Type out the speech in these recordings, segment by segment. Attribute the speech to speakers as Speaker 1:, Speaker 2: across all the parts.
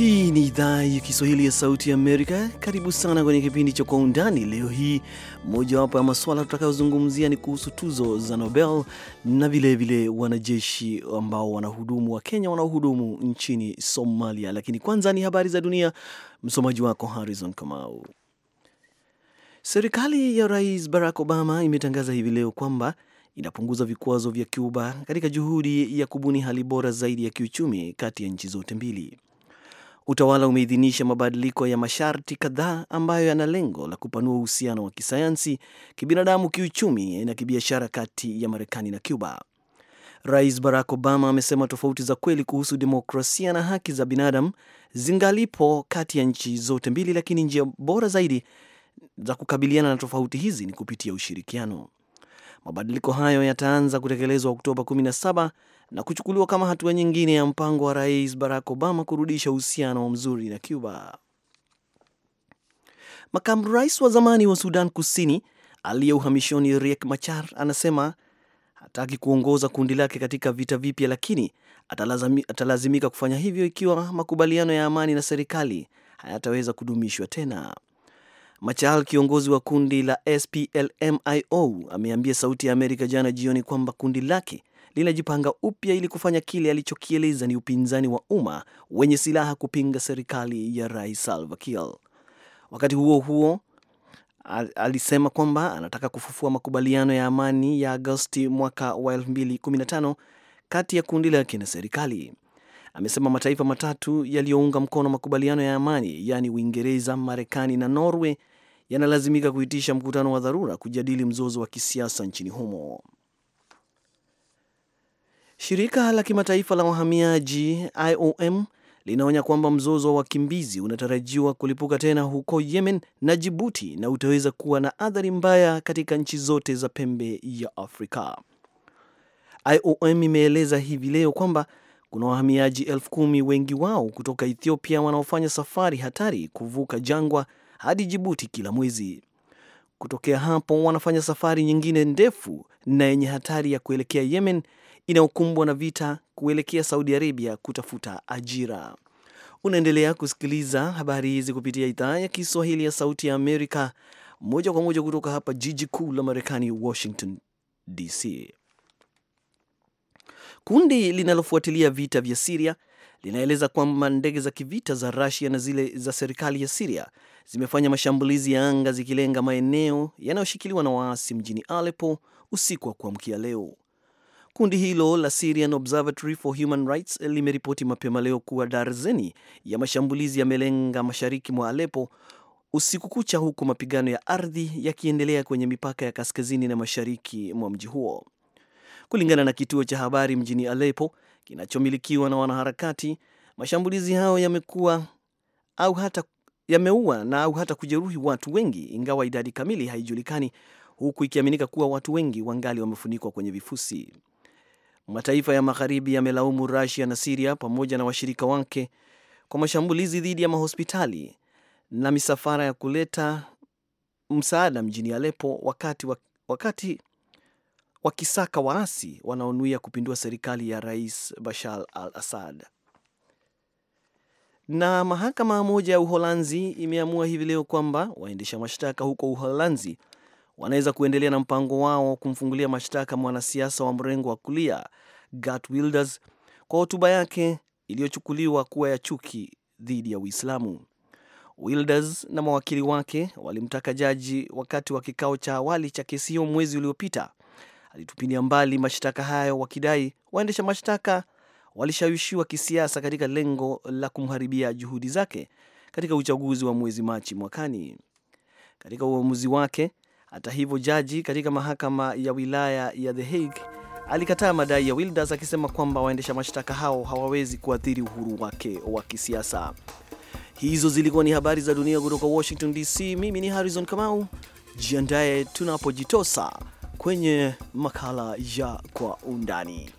Speaker 1: Hii ni idhaa ya Kiswahili ya Sauti ya Amerika. Karibu sana kwenye kipindi cha Kwa Undani. Leo hii mojawapo ya maswala tutakayozungumzia ni kuhusu tuzo za Nobel na vilevile wanajeshi ambao wanahudumu wa Kenya wanaohudumu nchini Somalia, lakini kwanza ni habari za dunia. Msomaji wako Harrison Kamau. Serikali ya Rais Barack Obama imetangaza hivi leo kwamba inapunguza vikwazo vya Cuba katika juhudi ya kubuni hali bora zaidi ya kiuchumi kati ya nchi zote mbili. Utawala umeidhinisha mabadiliko ya masharti kadhaa ambayo yana lengo la kupanua uhusiano wa kisayansi, kibinadamu, kiuchumi na kibiashara kati ya Marekani na Cuba. Rais Barack Obama amesema tofauti za kweli kuhusu demokrasia na haki za binadamu zingalipo kati ya nchi zote mbili, lakini njia bora zaidi za kukabiliana na tofauti hizi ni kupitia ushirikiano. Mabadiliko hayo yataanza kutekelezwa Oktoba 17 na kuchukuliwa kama hatua nyingine ya mpango wa Rais Barack Obama kurudisha uhusiano mzuri na Cuba. Makamu rais wa zamani wa Sudan Kusini aliye uhamishoni Riek Machar anasema hataki kuongoza kundi lake katika vita vipya, lakini atalazimika kufanya hivyo ikiwa makubaliano ya amani na serikali hayataweza kudumishwa tena. Machar, kiongozi wa kundi la SPLMIO, ameambia Sauti ya Amerika jana jioni kwamba kundi lake linajipanga upya ili kufanya kile alichokieleza ni upinzani wa umma wenye silaha kupinga serikali ya Rais Salva Kiir. Wakati huo huo, alisema kwamba anataka kufufua makubaliano ya amani ya Agosti mwaka wa 2015 kati ya kundi lake na serikali. Amesema mataifa matatu yaliyounga mkono makubaliano ya amani yaani Uingereza, Marekani na Norway yanalazimika kuitisha mkutano wa dharura kujadili mzozo wa kisiasa nchini humo. Shirika la kimataifa la wahamiaji IOM linaonya kwamba mzozo wa wakimbizi unatarajiwa kulipuka tena huko Yemen na Jibuti na utaweza kuwa na athari mbaya katika nchi zote za pembe ya Afrika. IOM imeeleza hivi leo kwamba kuna wahamiaji elfu kumi, wengi wao kutoka Ethiopia, wanaofanya safari hatari kuvuka jangwa hadi Jibuti kila mwezi. Kutokea hapo wanafanya safari nyingine ndefu na yenye hatari ya kuelekea Yemen inayokumbwa na vita kuelekea Saudi Arabia kutafuta ajira. Unaendelea kusikiliza habari hizi kupitia idhaa ya Kiswahili ya Sauti ya Amerika, moja kwa moja kutoka hapa jiji kuu la Marekani, Washington DC. Kundi linalofuatilia vita vya Siria linaeleza kwamba ndege za kivita za Rusia na zile za serikali ya Siria zimefanya mashambulizi ya anga zikilenga maeneo yanayoshikiliwa na waasi mjini Aleppo usiku wa kuamkia leo. Kundi hilo la Syrian Observatory for Human Rights limeripoti mapema leo kuwa darzeni ya mashambulizi yamelenga mashariki mwa Aleppo usiku kucha, huku mapigano ya ardhi yakiendelea kwenye mipaka ya kaskazini na mashariki mwa mji huo, kulingana na kituo cha habari mjini Aleppo kinachomilikiwa na wanaharakati. Mashambulizi hayo yamekuwa au hata yameua na au hata kujeruhi watu wengi, ingawa idadi kamili haijulikani, huku ikiaminika kuwa watu wengi wangali wamefunikwa kwenye vifusi. Mataifa ya magharibi yamelaumu Rusia na Siria pamoja na washirika wake kwa mashambulizi dhidi ya mahospitali na misafara ya kuleta msaada mjini Alepo wakati, wakati wakisaka waasi wanaonuia kupindua serikali ya Rais Bashar al Assad. Na mahakama moja ya Uholanzi imeamua hivi leo kwamba waendesha mashtaka huko Uholanzi wanaweza kuendelea na mpango wao wa kumfungulia mashtaka mwanasiasa wa mrengo wa kulia Geert Wilders kwa hotuba yake iliyochukuliwa kuwa ya chuki dhidi ya Uislamu. Wilders na mawakili wake walimtaka jaji wakati wa kikao cha awali cha kesi hiyo mwezi uliopita alitupilia mbali mashtaka hayo, wakidai waendesha mashtaka walishawishiwa kisiasa katika lengo la kumharibia juhudi zake katika uchaguzi wa mwezi Machi mwakani. Katika uamuzi wake, hata hivyo, jaji katika mahakama ya wilaya ya The Hague alikataa madai ya Wilders akisema kwamba waendesha mashtaka hao hawawezi kuathiri uhuru wake wa kisiasa. Hizo zilikuwa ni habari za dunia kutoka Washington DC. Mimi ni Harrison Kamau, jiandaye tunapojitosa kwenye makala ya kwa undani.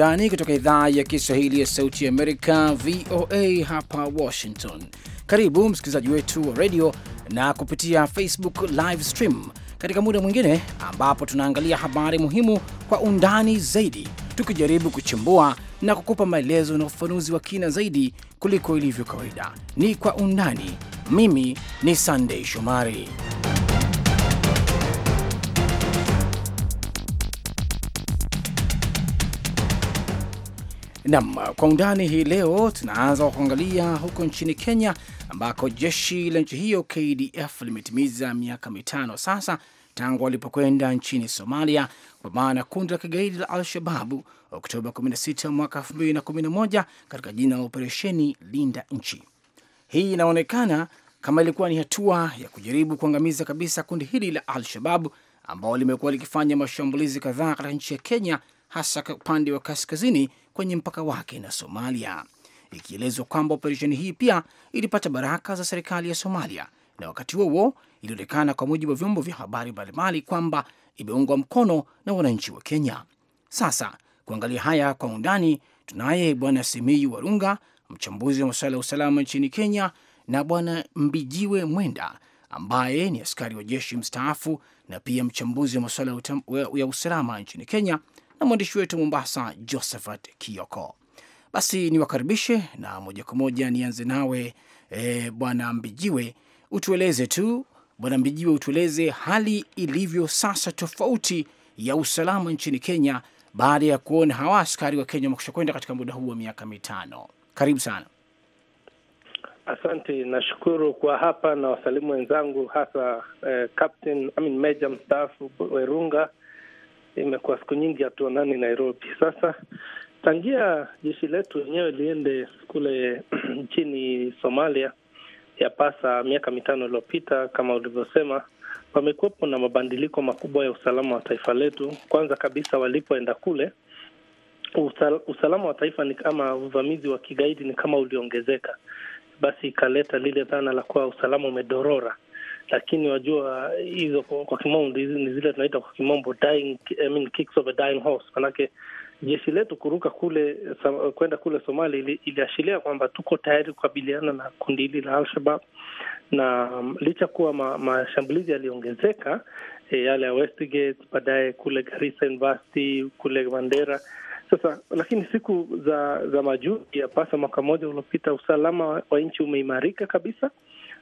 Speaker 2: undani kutoka idhaa ya Kiswahili ya Sauti Amerika, VOA hapa Washington. Karibu msikilizaji wetu wa redio na kupitia Facebook live stream katika muda mwingine ambapo tunaangalia habari muhimu kwa undani zaidi, tukijaribu kuchimbua na kukupa maelezo na ufafanuzi wa kina zaidi kuliko ilivyo kawaida. Ni kwa undani. Mimi ni Sandei Shomari. Nam kwa undani hii leo tunaanza kwa kuangalia huko nchini Kenya ambako jeshi la nchi hiyo KDF limetimiza miaka mitano sasa tangu walipokwenda nchini Somalia kwa maana kundi la kigaidi la Al-Shababu Oktoba 16 mwaka 2011 katika jina la Operesheni Linda Nchi. Hii inaonekana kama ilikuwa ni hatua ya kujaribu kuangamiza kabisa kundi hili la Al-Shababu ambao limekuwa likifanya mashambulizi kadhaa katika nchi ya Kenya hasa upande wa kaskazini kwenye mpaka wake na Somalia, ikielezwa kwamba operesheni hii pia ilipata baraka za serikali ya Somalia na wakati huo huo ilionekana kwa mujibu wa vyombo vya habari mbalimbali kwamba imeungwa mkono na wananchi wa Kenya. Sasa kuangalia haya kwa undani, tunaye Bwana Simiyu Warunga, mchambuzi wa masuala ya usalama nchini Kenya, na Bwana Mbijiwe Mwenda ambaye ni askari wa jeshi mstaafu na pia mchambuzi wa masuala ya usalama nchini Kenya, na mwandishi wetu Mombasa, Josephat Kioko. Basi niwakaribishe na moja kwa moja nianze nawe e, Bwana Mbijiwe, utueleze tu Bwana Mbijiwe, utueleze hali ilivyo sasa, tofauti ya usalama nchini Kenya baada ya kuona hawa askari wa Kenya wamekusha kwenda katika muda huu wa miaka mitano. Karibu sana.
Speaker 3: Asante, nashukuru kwa hapa na wasalimu wenzangu hasa eh, captain I mean, meja mstaafu Werunga imekuwa siku nyingi hatuonani Nairobi. Sasa tangia jeshi letu wenyewe liende kule nchini Somalia ya pasa miaka mitano iliyopita, kama ulivyosema, pamekuwepo na mabadiliko makubwa ya usalama wa taifa letu. Kwanza kabisa walipoenda kule usal, usalama wa taifa ni kama uvamizi wa kigaidi ni kama uliongezeka, basi ikaleta lile dhana la kuwa usalama umedorora lakini wajua hizo kwa, kwa kimombo ni zile tunaita kwa kimombo dying, I mean, kicks of a dying horse. Manake jeshi letu kuruka kule kwenda kule Somalia iliashiria kwamba tuko tayari kukabiliana na kundi hili la alshabab na um, licha kuwa ma, mashambulizi yaliongezeka e, yale ya Westgate baadaye kule Garissa University kule Mandera sasa lakini siku za za majuzi yapasa mwaka mmoja uliopita, usalama wa, wa nchi umeimarika kabisa,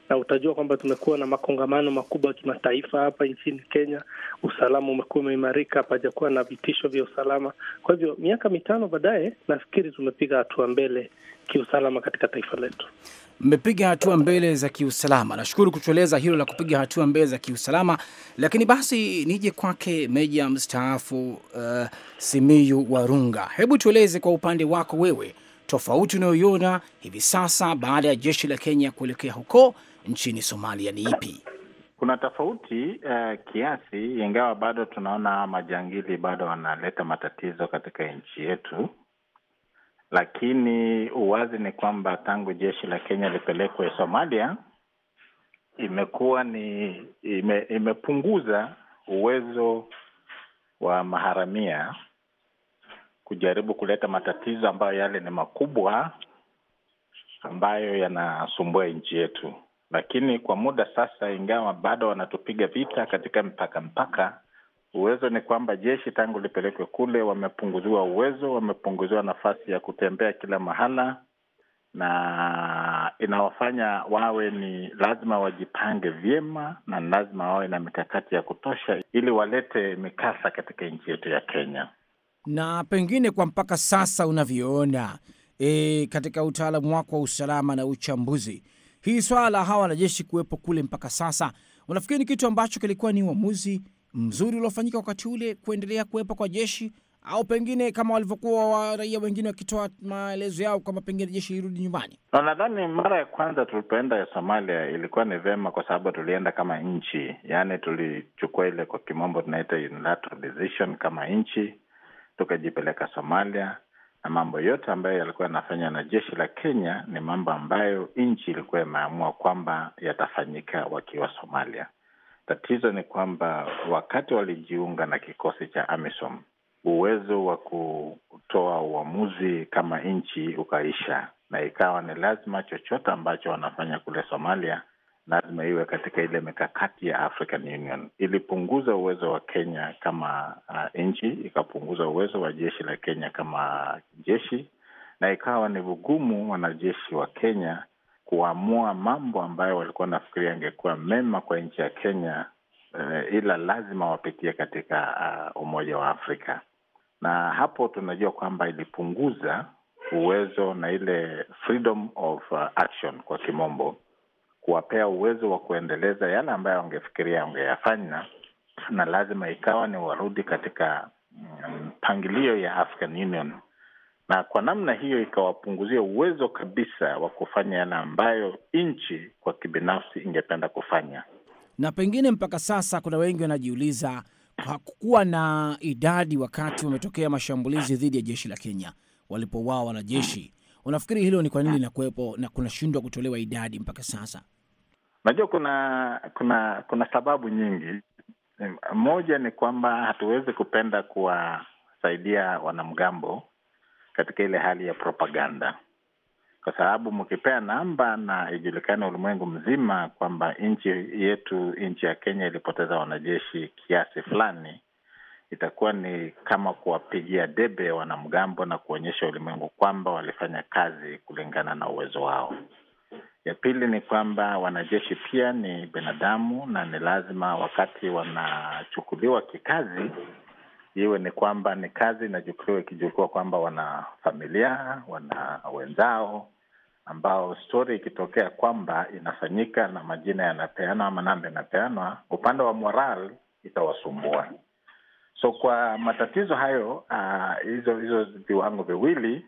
Speaker 3: na utajua kwamba tumekuwa na makongamano makubwa ya kimataifa hapa nchini Kenya. Usalama umekuwa umeimarika, hapajakuwa na vitisho vya usalama. Kwa hivyo miaka mitano baadaye, nafikiri tumepiga hatua mbele kiusalama katika taifa letu.
Speaker 2: Mmepiga hatua mbele za kiusalama. Nashukuru kutueleza hilo la kupiga hatua mbele za kiusalama, lakini basi nije kwake meja mstaafu uh, Simiyu Warunga, hebu tueleze kwa upande wako wewe tofauti unayoiona hivi sasa baada ya jeshi la Kenya kuelekea huko nchini Somalia ni ipi?
Speaker 4: Kuna tofauti eh, kiasi, ingawa bado tunaona majangili bado wanaleta matatizo katika nchi yetu, lakini uwazi ni kwamba tangu jeshi la Kenya lipelekwe Somalia imekuwa ni ime, imepunguza uwezo wa maharamia kujaribu kuleta matatizo ambayo yale ni makubwa ambayo yanasumbua nchi yetu. Lakini kwa muda sasa, ingawa bado wanatupiga vita katika mpaka mpaka, uwezo ni kwamba jeshi tangu lipelekwe kule wamepunguziwa uwezo, wamepunguziwa nafasi ya kutembea kila mahala, na inawafanya wawe ni lazima wajipange vyema na lazima wawe na mikakati ya kutosha ili walete mikasa katika nchi yetu ya Kenya.
Speaker 2: Na pengine kwa mpaka sasa unavyoona, e, katika utaalamu wako wa usalama na uchambuzi hii swala la hawa wanajeshi kuwepo kule mpaka sasa, unafikiri ni kitu ambacho kilikuwa ni uamuzi mzuri uliofanyika wakati ule kuendelea kuwepo kwa jeshi, au pengine kama walivyokuwa waraia wengine wakitoa maelezo yao kwamba pengine jeshi irudi nyumbani?
Speaker 4: Na nadhani mara ya kwanza tulipoenda Somalia ilikuwa ni vema, kwa sababu tulienda kama nchi, yaani tulichukua ile kwa kimombo tunaita decision kama nchi, tukajipeleka Somalia na mambo yote ambayo yalikuwa yanafanywa na jeshi la Kenya ni mambo ambayo nchi ilikuwa imeamua kwamba yatafanyika wakiwa Somalia. Tatizo ni kwamba wakati walijiunga na kikosi cha AMISOM, uwezo wa kutoa uamuzi kama nchi ukaisha, na ikawa ni lazima chochote ambacho wanafanya kule Somalia lazima iwe katika ile mikakati ya African Union. Ilipunguza uwezo wa Kenya kama uh, nchi, ikapunguza uwezo wa jeshi la Kenya kama jeshi, na ikawa ni vigumu wanajeshi wa Kenya kuamua mambo ambayo walikuwa wanafikiria angekuwa mema kwa nchi ya Kenya, uh, ila lazima wapitie katika uh, Umoja wa Afrika, na hapo tunajua kwamba ilipunguza uwezo na ile freedom of uh, action kwa kimombo kuwapea uwezo wa kuendeleza yale ambayo wangefikiria wangeyafanya, na lazima ikawa ni warudi katika mm, mpangilio ya African Union, na kwa namna hiyo ikawapunguzia uwezo kabisa wa kufanya yale ambayo nchi kwa kibinafsi ingependa kufanya.
Speaker 2: Na pengine mpaka sasa kuna wengi wanajiuliza, hakukuwa na idadi wakati wametokea mashambulizi dhidi ya jeshi la Kenya walipouawa wanajeshi Unafikiri hilo ni kwa nini ah. linakuwepo na kunashindwa kutolewa idadi mpaka sasa?
Speaker 4: Najua kuna kuna kuna sababu nyingi. Moja ni kwamba hatuwezi kupenda kuwasaidia wanamgambo katika ile hali ya propaganda, kwa sababu mkipea namba na ijulikane ulimwengu mzima kwamba nchi yetu, nchi ya Kenya ilipoteza wanajeshi kiasi fulani, itakuwa ni kama kuwapigia debe wanamgambo na kuonyesha ulimwengu kwamba walifanya kazi kulingana na uwezo wao. Ya pili ni kwamba wanajeshi pia ni binadamu na ni lazima wakati wanachukuliwa kikazi iwe ni kwamba ni kazi inachukuliwa ikijukua kwamba wana familia, wana wenzao ambao stori ikitokea kwamba inafanyika na majina yanapeanwa ama namba inapeanwa, upande wa moral itawasumbua. So kwa matatizo hayo ah, hizo uh, hizo viwango viwili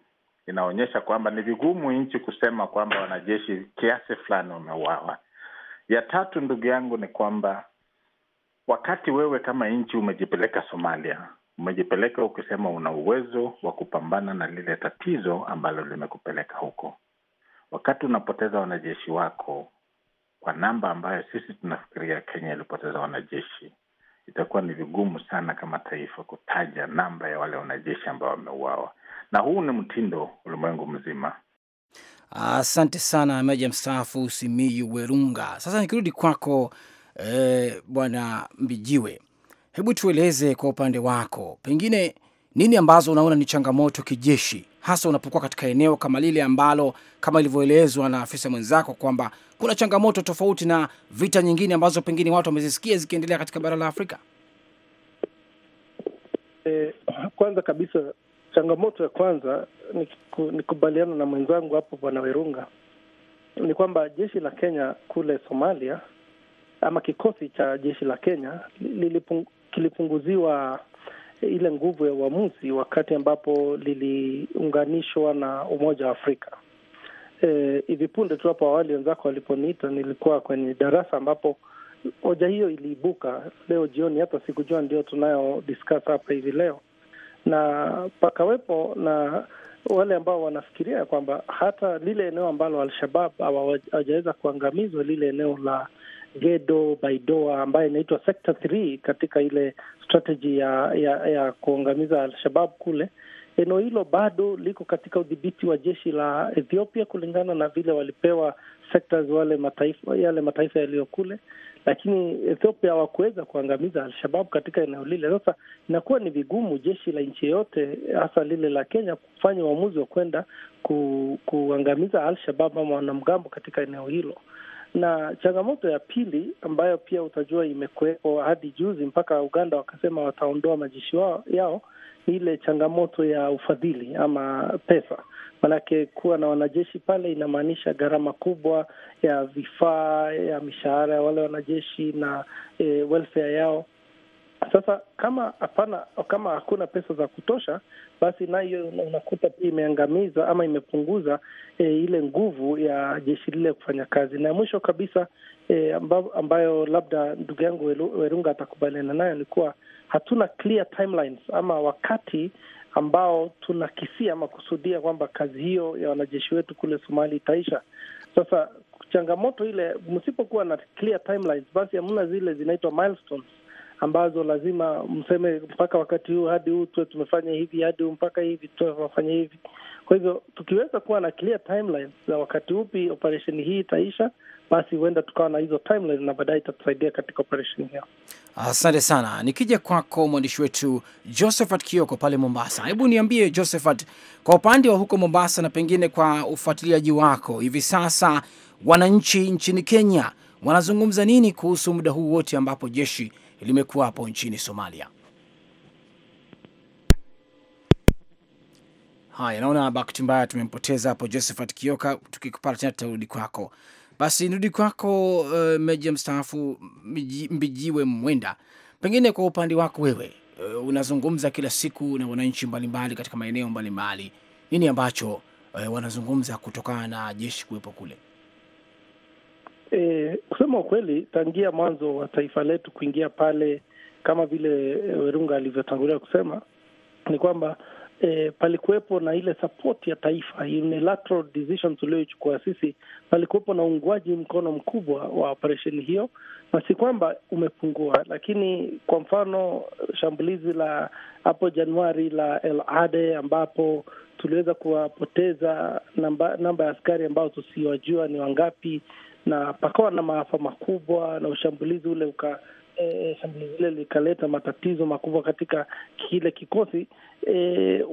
Speaker 4: inaonyesha kwamba ni vigumu nchi kusema kwamba wanajeshi kiasi fulani wameuawa. Ya tatu, ndugu yangu, ni kwamba wakati wewe kama nchi umejipeleka Somalia, umejipeleka ukisema una uwezo wa kupambana na lile tatizo ambalo limekupeleka huko, wakati unapoteza wanajeshi wako kwa namba ambayo sisi tunafikiria Kenya ilipoteza wanajeshi itakuwa ni vigumu sana kama taifa kutaja namba ya wale wanajeshi ambao wameuawa, na huu ni mtindo ulimwengu mzima.
Speaker 2: Asante sana meja mstaafu Simiyu Werunga. Sasa nikirudi kwako eh, bwana Mbijiwe, hebu tueleze kwa upande wako, pengine nini ambazo unaona ni changamoto kijeshi, hasa unapokuwa katika eneo kama lile ambalo kama ilivyoelezwa na afisa mwenzako kwamba kuna changamoto tofauti na vita nyingine ambazo pengine watu wamezisikia zikiendelea katika bara la Afrika?
Speaker 3: E, kwanza kabisa changamoto ya kwanza nikubaliana na mwenzangu hapo Bwana Werunga ni kwamba jeshi la Kenya kule Somalia ama kikosi cha jeshi la Kenya kilipunguziwa ile nguvu ya uamuzi wakati ambapo liliunganishwa na Umoja wa Afrika. E, hivi e, punde tu hapo awali wenzako waliponiita nilikuwa kwenye darasa ambapo hoja hiyo iliibuka leo jioni, hata sikujua ndio tunayo discuss hapa hivi leo, na pakawepo na wale ambao wanafikiria kwamba hata lile eneo ambalo Al-Shabab hawajaweza kuangamizwa, lile eneo la Gedo Baidoa ambayo inaitwa Sector 3 katika ile strategy ya ya, ya kuangamiza Al-Shabab kule. Eneo hilo bado liko katika udhibiti wa jeshi la Ethiopia kulingana na vile walipewa sectors wale mataifa yale mataifa yaliyo kule, lakini Ethiopia hawakuweza kuangamiza al katika eneo lile. Sasa inakuwa ni vigumu jeshi la nchi yoyote hasa lile la Kenya kufanya uamuzi wa kwenda ku, kuangamiza Alshabab ama wanamgambo katika eneo hilo na changamoto ya pili ambayo pia utajua imekuwepo hadi juzi mpaka Uganda wakasema wataondoa majeshi wao yao ni ile changamoto ya ufadhili ama pesa. Maanake kuwa na wanajeshi pale inamaanisha gharama kubwa ya vifaa, ya mishahara ya wale wanajeshi na e, welfare yao. Sasa kama hapana, kama hakuna pesa za kutosha, basi nayo unakuta pia imeangamiza ama imepunguza e, ile nguvu ya jeshi lile kufanya kazi. Na mwisho kabisa e, ambayo labda ndugu yangu Werunga atakubaliana nayo ni kuwa hatuna clear timelines ama wakati ambao tunakisia ama kusudia kwamba kazi hiyo ya wanajeshi wetu kule Somali itaisha. Sasa changamoto ile, msipokuwa na clear timelines, basi hamna zile zinaitwa milestones ambazo lazima mseme mpaka wakati huu hadi huu tuwe tumefanya hivi, hadi huu mpaka hivi tuwe hivi. Kwa hivyo tukiweza kuwa na clear timeline za wakati upi operesheni hii itaisha, basi huenda tukawa na hizo timeline na baadaye itatusaidia katika operesheni hiyo.
Speaker 2: Asante sana. Nikija kwako mwandishi wetu Josephat Kioko pale Mombasa, hebu niambie Josephat, kwa upande wa huko Mombasa na pengine kwa ufuatiliaji wako hivi sasa, wananchi nchini Kenya wanazungumza nini kuhusu muda huu wote ambapo jeshi limekuwa hapo nchini Somalia. Haya, naona bahati mbaya tumempoteza hapo Josephat Kioka. Tukikupata tena tutarudi kwako. Basi nirudi kwako, uh, meja mstaafu Mbijiwe Mwenda, pengine kwa upande wako wewe, uh, unazungumza kila siku na wananchi mbalimbali katika maeneo mbalimbali, nini ambacho uh, wanazungumza kutokana na jeshi kuwepo kule?
Speaker 3: E, kusema ukweli, tangia mwanzo wa taifa letu kuingia pale, kama vile eh, Werunga alivyotangulia kusema, ni kwamba e, palikuwepo na ile sapoti ya taifa, unilateral decision sisi, palikuwepo na uungwaji mkono mkubwa wa operesheni hiyo, na si kwamba umepungua. Lakini kwa mfano shambulizi la hapo Januari la El Ade ambapo tuliweza kuwapoteza namba, namba ya askari ambao tusiwajua ni wangapi na pakawa na maafa makubwa na ushambulizi ule uka E, shambulizi lile likaleta matatizo makubwa katika kile kikosi e,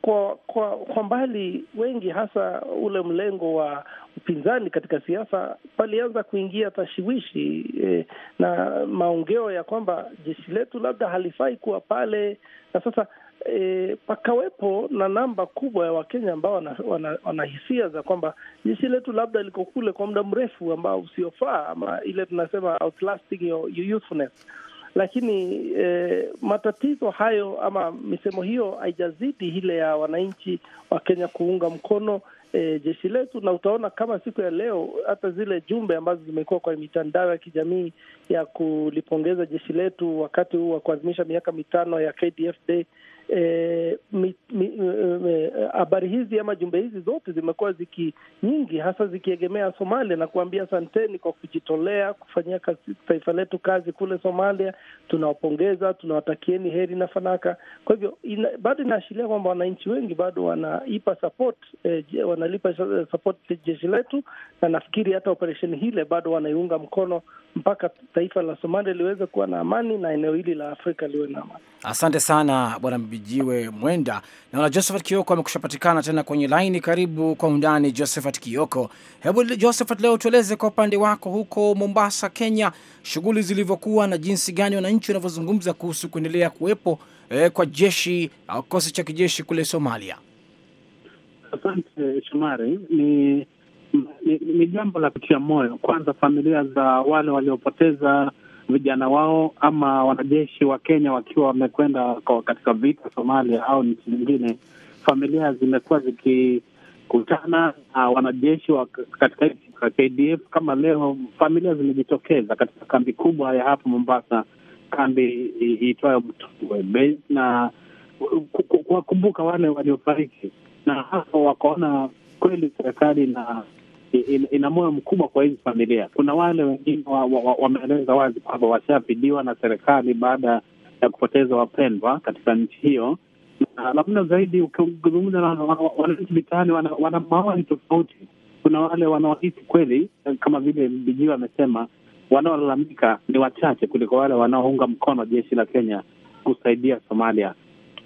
Speaker 3: kwa, kwa kwa mbali wengi, hasa ule mlengo wa upinzani katika siasa, palianza kuingia tashiwishi e, na maongeo ya kwamba jeshi letu labda halifai kuwa pale, na sasa e, pakawepo na namba kubwa ya Wakenya ambao wanahisia wana, wana za kwamba jeshi letu labda liko kule kwa muda mrefu ambao usiofaa ama ile tunasema outlasting your youthfulness lakini e, matatizo hayo ama misemo hiyo haijazidi ile ya wananchi wa Kenya kuunga mkono e, jeshi letu, na utaona kama siku ya leo hata zile jumbe ambazo zimekuwa kwa mitandao ya kijamii ya kulipongeza jeshi letu wakati huu wa kuadhimisha miaka mitano ya KDF Day E, e, e, habari e, hizi ama jumbe hizi zote zimekuwa ziki nyingi hasa zikiegemea Somalia na kuambia asanteni kwa kujitolea kufanyia taifa letu kazi kule Somalia, tunawapongeza, tunawatakieni heri na fanaka. Kwa hivyo ina, bado inaashiria kwamba wananchi wengi bado wanaipa support eh, wanalipa support jeshi letu, na nafikiri hata operesheni hile bado wanaiunga mkono mpaka taifa la Somalia liweze kuwa na amani na eneo hili la Afrika liwe na amani.
Speaker 2: Asante sana bwana Bijiwe Mwenda. Naona Josephat Kioko amekushapatikana tena kwenye laini. Karibu kwa undani, Josephat Kioko. Hebu Josephat, leo tueleze kwa upande wako huko Mombasa, Kenya, shughuli zilivyokuwa na jinsi gani wananchi wanavyozungumza kuhusu kuendelea kuwepo eh, kwa jeshi au kikosi cha kijeshi kule Somalia.
Speaker 5: Asante Shomari. Ni ni, ni jambo la kutia moyo kwanza familia za wale waliopoteza vijana wao ama wanajeshi wa Kenya wakiwa wamekwenda katika vita Somalia au nchi nyingine, familia zimekuwa zikikutana na wanajeshi wa katika KDF. Kama leo familia zimejitokeza katika kambi kubwa ya hapa Mombasa, kambi iitwayo Mtongwe Base, na kuwakumbuka wale waliofariki, na hapo wakaona kweli serikali na ina, moyo mkubwa kwa hizi familia. Kuna wale wengine wameeleza wa, wa, wazi kwamba washafidiwa na serikali baada ya kupoteza wapendwa katika nchi hiyo, na labda zaidi ukizungumza na wananchi mitaani, wana, wana maoni tofauti. Kuna wale wanaohisi kweli kama vile Bijuu amesema, wanaolalamika ni wachache kuliko wale wanaounga mkono jeshi la Kenya kusaidia Somalia.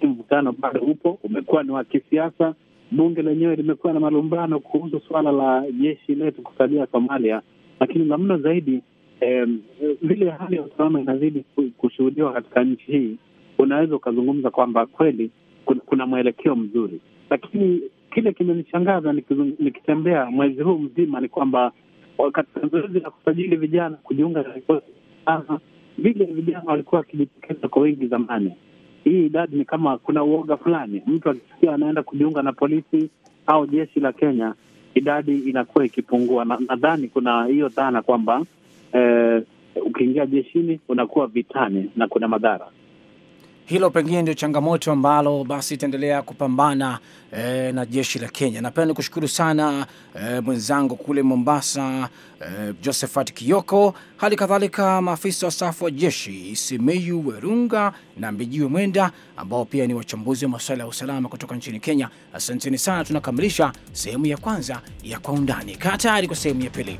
Speaker 5: Mvutano bado upo, umekuwa ni wa kisiasa bunge lenyewe limekuwa na malumbano kuhusu suala la jeshi letu kusalia Somalia, lakini la mno zaidi eh, vile hali ya usalama inazidi kushuhudiwa katika nchi hii, unaweza ukazungumza kwamba kweli kuna, kuna mwelekeo mzuri, lakini kile kimenishangaza nikitembea mwezi huu mzima ni kwamba katika zoezi la kusajili vijana kujiunga na vikosi vile vijana walikuwa wakijitokeza kwa wingi zamani hii idadi ni kama kuna uoga fulani. Mtu akisikia anaenda kujiunga na polisi au jeshi la Kenya, idadi inakuwa ikipungua. Nadhani na kuna hiyo dhana kwamba eh, ukiingia jeshini unakuwa vitani na kuna madhara
Speaker 2: hilo pengine ndio changamoto ambalo basi itaendelea kupambana e, na jeshi la Kenya. Napenda kushukuru sana e, mwenzangu kule Mombasa e, Josephat Kioko, hali kadhalika maafisa safu wa jeshi Simiyu Werunga na Mbijiwe Mwenda ambao pia ni wachambuzi wa masuala ya usalama kutoka nchini Kenya. Asanteni sana, tunakamilisha sehemu ya kwanza ya kwa undani. Kaa tayari kwa sehemu ya pili.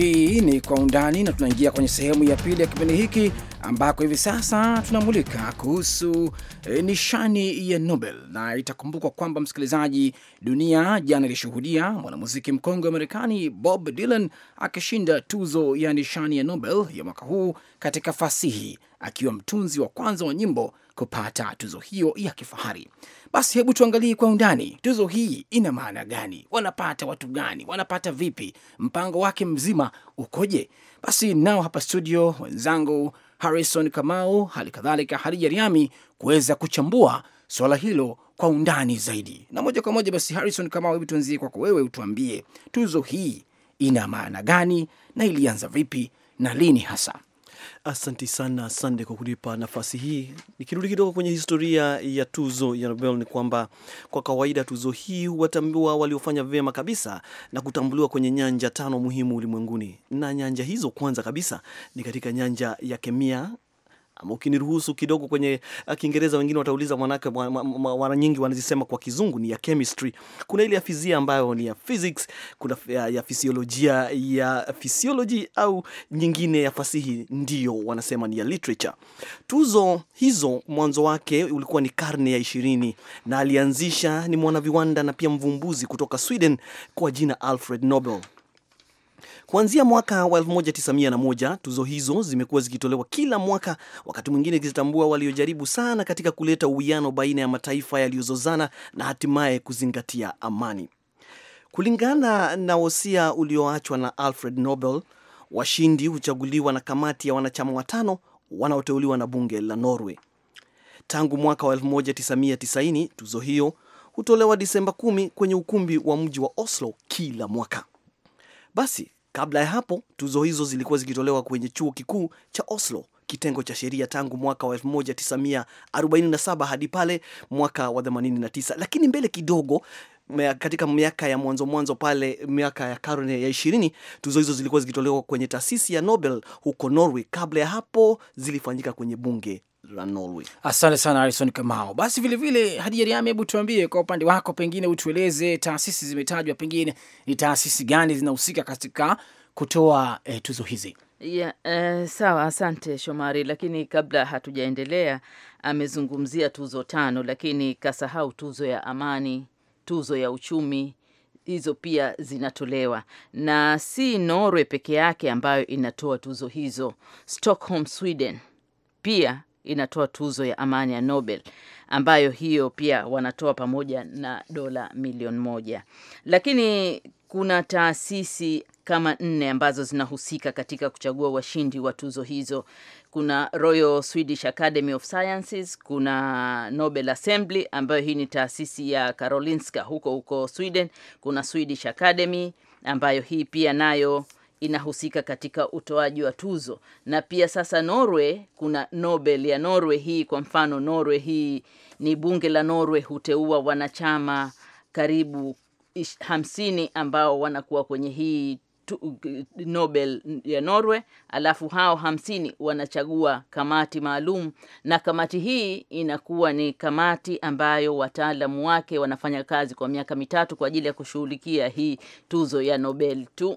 Speaker 2: Hii ni Kwa Undani na tunaingia kwenye sehemu ya pili ya kipindi hiki ambako hivi sasa tunamulika kuhusu e, nishani ya Nobel. Na itakumbukwa kwamba msikilizaji, dunia jana ilishuhudia mwanamuziki mkongwe wa Marekani Bob Dylan akishinda tuzo ya nishani ya Nobel ya mwaka huu katika fasihi, akiwa mtunzi wa kwanza wa nyimbo kupata tuzo hiyo ya kifahari. Basi hebu tuangalie kwa undani, tuzo hii ina maana gani? Wanapata watu gani? Wanapata vipi? Mpango wake mzima ukoje? Basi nao hapa studio wenzangu Harrison Kamau, hali kadhalika Hadija Riami, kuweza kuchambua swala hilo kwa undani zaidi. Na moja kwa moja basi, Harrison Kamau, hebu tuanzie kwako wewe, utuambie tuzo hii
Speaker 1: ina maana gani na ilianza vipi na lini hasa? Asanti sana Sande kwa kunipa nafasi hii. Nikirudi kidogo kwenye historia ya tuzo ya Nobel, ni kwamba kwa kawaida tuzo hii huwatambua waliofanya vyema kabisa na kutambuliwa kwenye nyanja tano muhimu ulimwenguni, na nyanja hizo kwanza kabisa ni katika nyanja ya kemia, ama ukiniruhusu kidogo kwenye eh, Kiingereza, wengine watauliza, mwanake mara nyingi wanazisema kwa kizungu ni ya chemistry. Kuna ile ya fizia ambayo ni ya physics, kuna ya fisiolojia ya physiology au nyingine ya fasihi, ndiyo wanasema ni ya literature. Tuzo hizo mwanzo wake ulikuwa ni karne ya ishirini, na alianzisha ni mwanaviwanda na pia mvumbuzi kutoka Sweden kwa jina Alfred Nobel. Kuanzia mwaka wa 1901 tuzo hizo zimekuwa zikitolewa kila mwaka, wakati mwingine ikizitambua waliojaribu sana katika kuleta uwiano baina ya mataifa yaliyozozana na hatimaye kuzingatia amani. Kulingana na wosia ulioachwa na Alfred Nobel, washindi huchaguliwa na kamati ya wanachama watano wanaoteuliwa na bunge la Norway. Tangu mwaka wa 1990 tuzo hiyo hutolewa Disemba 10 kwenye ukumbi wa mji wa Oslo kila mwaka. Basi Kabla ya hapo, tuzo hizo zilikuwa zikitolewa kwenye chuo kikuu cha Oslo kitengo cha sheria tangu mwaka wa 1947 hadi pale mwaka wa 89. Lakini mbele kidogo, katika miaka ya mwanzo mwanzo pale miaka ya karne ya 20, tuzo hizo zilikuwa zikitolewa kwenye taasisi ya Nobel huko Norway. Kabla ya hapo zilifanyika kwenye bunge la Norway. Asante sana Harison Kamao. Basi vilevile, Hadija Riami, hebu
Speaker 2: tuambie kwa upande wako, pengine utueleze taasisi zimetajwa, pengine ni taasisi gani zinahusika katika kutoa eh, tuzo hizi?
Speaker 6: Yeah, eh, sawa asante Shomari, lakini kabla hatujaendelea, amezungumzia tuzo tano, lakini kasahau tuzo ya amani, tuzo ya uchumi hizo pia zinatolewa na si Norway peke yake ambayo inatoa tuzo hizo. Stockholm, Sweden pia inatoa tuzo ya amani ya Nobel ambayo hiyo pia wanatoa pamoja na dola milioni moja, lakini kuna taasisi kama nne ambazo zinahusika katika kuchagua washindi wa tuzo hizo. Kuna Royal Swedish Academy of Sciences, kuna Nobel Assembly ambayo hii ni taasisi ya Karolinska huko huko Sweden, kuna Swedish Academy ambayo hii pia nayo inahusika katika utoaji wa tuzo, na pia sasa Norway kuna Nobel ya Norway. Hii kwa mfano, Norway hii ni bunge la Norway huteua wanachama karibu hamsini ambao wanakuwa kwenye hii Nobel ya Norway, alafu hao hamsini wanachagua kamati maalum, na kamati hii inakuwa ni kamati ambayo wataalamu wake wanafanya kazi kwa miaka mitatu kwa ajili ya kushughulikia hii tuzo ya Nobel tu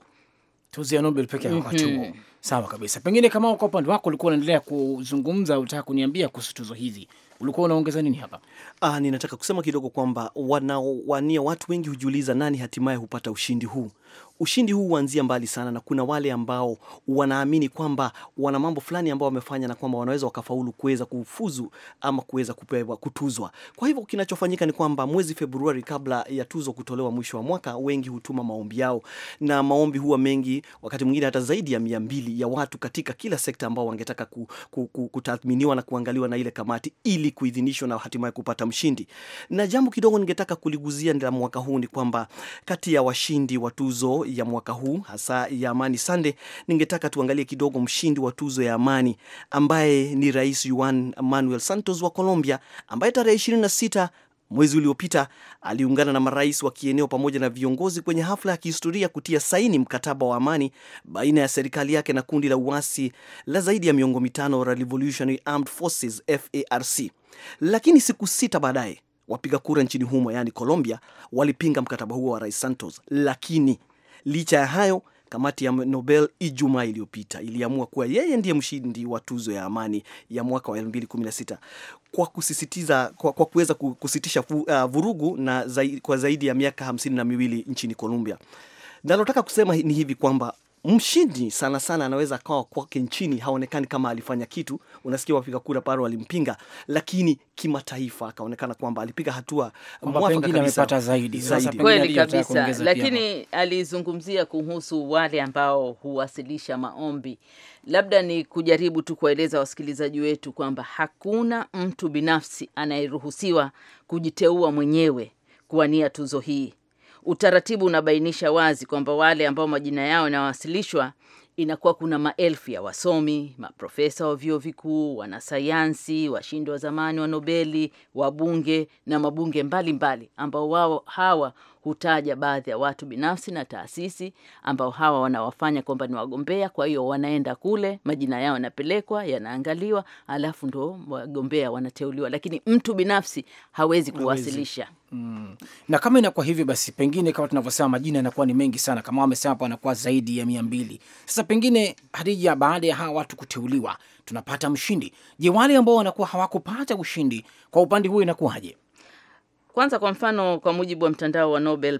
Speaker 2: tuzo ya Nobel peke yake wakati mhm. huo. Sawa kabisa. Pengine kama kwa upande wako ulikuwa unaendelea kuzungumza,
Speaker 1: utaka kuniambia kuhusu tuzo hizi, ulikuwa unaongeza nini hapa? Ah, ninataka kusema kidogo kwamba wanaowania, watu wengi hujiuliza nani hatimaye hupata ushindi huu ushindi huu huanzia mbali sana, na kuna wale ambao wanaamini kwamba wana mambo fulani ambao wamefanya na kwamba wanaweza wakafaulu kuweza kufuzu ama kuweza kupewa kutuzwa. Kwa hivyo kinachofanyika ni kwamba mwezi Februari, kabla ya tuzo kutolewa mwisho wa mwaka, wengi hutuma maombi yao, na maombi huwa mengi, wakati mwingine hata zaidi ya mia mbili ya watu katika kila sekta ambao wangetaka ku, ku, ku, kutathminiwa na kuangaliwa na ile kamati ili kuidhinishwa na hatimaye kupata mshindi. Na jambo kidogo ningetaka kuliguzia la mwaka huu ni kwamba kati ya washindi wa tuzo ya mwaka huu hasa ya Amani Sande, ningetaka tuangalie kidogo mshindi wa tuzo ya amani ambaye ni Rais Juan Manuel Santos wa Colombia, ambaye tarehe sita mwezi uliopita aliungana na marais wa kieneo pamoja na viongozi kwenye hafla ya kihistoria kutia saini mkataba wa amani baina ya serikali yake na kundi la uasi la zaidi ya miongo mitano Revolutionary Armed Forces FARC. Lakini siku sita baadaye wapiga kura nchini humo, yaani Colombia, walipinga mkataba huo wa Rais Santos, lakini Licha ya hayo, kamati ya Nobel Ijumaa iliyopita iliamua kuwa yeye ndiye mshindi wa tuzo ya amani ya mwaka wa 2016 kwa kusisitiza kwa, kwa kuweza kusitisha uh, vurugu na zaidi, kwa zaidi ya miaka hamsini na miwili nchini Colombia. Nalotaka kusema ni hivi kwamba mshindi sana sana anaweza akawa kwake nchini haonekani kama alifanya kitu. Unasikia wapiga kura pale walimpinga, lakini kimataifa akaonekana kwamba alipiga hatua mwafaka kabisa, zaidi zaidi kweli kabisa. Lakini
Speaker 6: alizungumzia kuhusu wale ambao huwasilisha maombi, labda ni kujaribu tu kuwaeleza wasikilizaji wetu kwamba hakuna mtu binafsi anayeruhusiwa kujiteua mwenyewe kuwania tuzo hii utaratibu unabainisha wazi kwamba wale ambao majina yao yanawasilishwa inakuwa kuna maelfu ya wasomi, maprofesa wa vyuo vikuu, wanasayansi, washindi wa zamani wa Nobeli, wabunge na mabunge mbalimbali, ambao wao hawa hutaja baadhi ya watu binafsi na taasisi ambao hawa wanawafanya kwamba ni wagombea. Kwa hiyo wanaenda kule, majina yao yanapelekwa, yanaangaliwa, alafu ndo wagombea wanateuliwa, lakini mtu binafsi hawezi kuwasilisha hawezi.
Speaker 2: Mm. Na kama inakuwa hivyo basi, pengine kama tunavyosema, majina yanakuwa ni mengi sana, kama wamesema hapo, anakuwa zaidi ya mia mbili. Sasa pengine Hadija, baada ya hawa watu kuteuliwa, tunapata mshindi. Je, wale ambao wanakuwa hawakupata ushindi, kwa upande huo inakuwaje?
Speaker 6: Kwanza, kwa mfano, kwa mujibu wa mtandao wa Nobel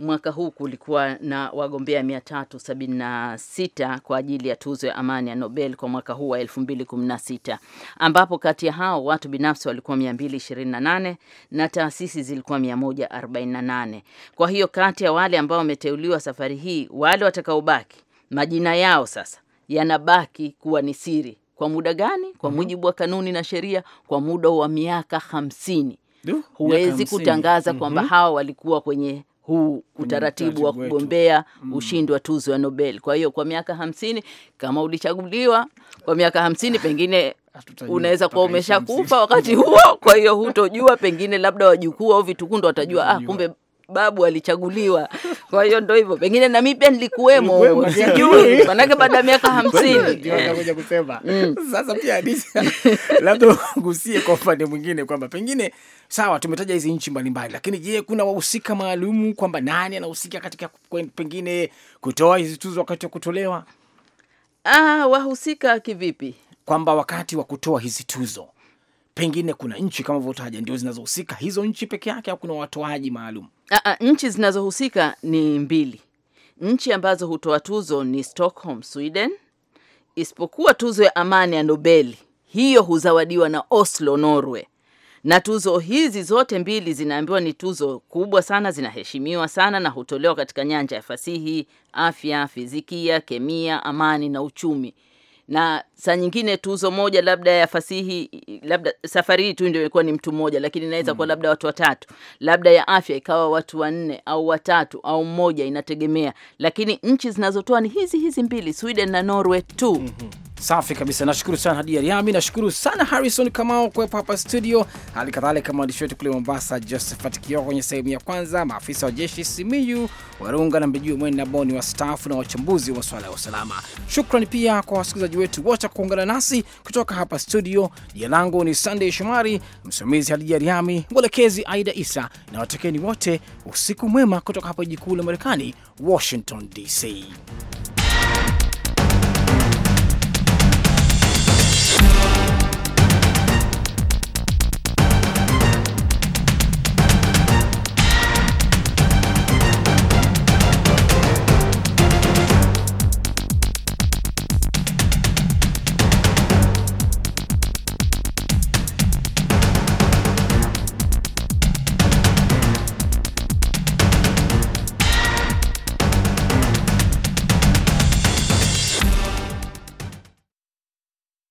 Speaker 6: mwaka huu kulikuwa na wagombea 376 kwa ajili ya tuzo ya amani ya Nobel kwa mwaka huu wa 2016, ambapo kati ya hao watu binafsi walikuwa 228 na taasisi zilikuwa 148. Kwa hiyo kati ya wale ambao wameteuliwa safari hii, wale watakaobaki, majina yao sasa yanabaki kuwa ni siri. Kwa muda gani? Kwa mhm. mujibu wa kanuni na sheria, kwa muda wa miaka hamsini. Huwezi kutangaza kwamba mm -hmm. hawa walikuwa kwenye huu utaratibu wa kugombea mm. ushindi wa tuzo ya Nobel. Kwa hiyo kwa miaka hamsini kama ulichaguliwa kwa miaka hamsini pengine unaweza kuwa umeshakufa wakati huo, kwa hiyo hutojua, pengine labda wajukuu au vitukundo watajua, ah, kumbe babu alichaguliwa. Kwa hiyo ndo hivyo, pengine nami pia nilikuwemo, sijui manake baada ya miaka hamsini eh.
Speaker 2: kusema mm.
Speaker 6: sasa pia hadithi
Speaker 2: labda gusie kwa upande mwingine kwamba pengine sawa, tumetaja hizi nchi mbalimbali, lakini je, kuna wahusika maalum kwamba nani anahusika katika pengine kutoa hizi tuzo wakati wa kutolewa? Ah, wahusika kivipi? Kwamba wakati wa kutoa hizi tuzo pengine kuna nchi kama vyotaja ndio zinazohusika hizo
Speaker 6: nchi peke yake, au kuna watoaji maalum? Ah, ah, nchi zinazohusika ni mbili. Nchi ambazo hutoa tuzo ni Stockholm, Sweden, isipokuwa tuzo ya amani ya Nobeli, hiyo huzawadiwa na Oslo, Norway. Na tuzo hizi zote mbili zinaambiwa ni tuzo kubwa sana, zinaheshimiwa sana na hutolewa katika nyanja ya fasihi, afya, fizikia, kemia, amani na uchumi na saa nyingine tuzo moja labda ya fasihi, labda safari hii tu ndio ilikuwa ni mtu mmoja, lakini inaweza mm. kuwa labda watu watatu, labda ya afya ikawa watu wanne au watatu au mmoja, inategemea. Lakini nchi zinazotoa ni hizi hizi mbili, Sweden na Norway tu mm -hmm. Safi kabisa, nashukuru
Speaker 2: sana Hadia Riami, nashukuru sana Harrison Kamao kuwepo hapa studio, hali kadhalika mwandishi wetu kule Mombasa Josephat Kioko kwenye sehemu ya kwanza, maafisa wa jeshi Simiyu Warunga na Mbijui Mweni ambao ni wastaafu na wachambuzi wa masuala ya usalama. Shukrani pia kwa wasikilizaji wetu wote kuungana nasi kutoka hapa studio. Jina langu ni Sunday Shomari, msimamizi Hadia Riami, mwelekezi Aida Isa na watekeni wote, usiku mwema kutoka hapa jikuu la Marekani, Washington DC.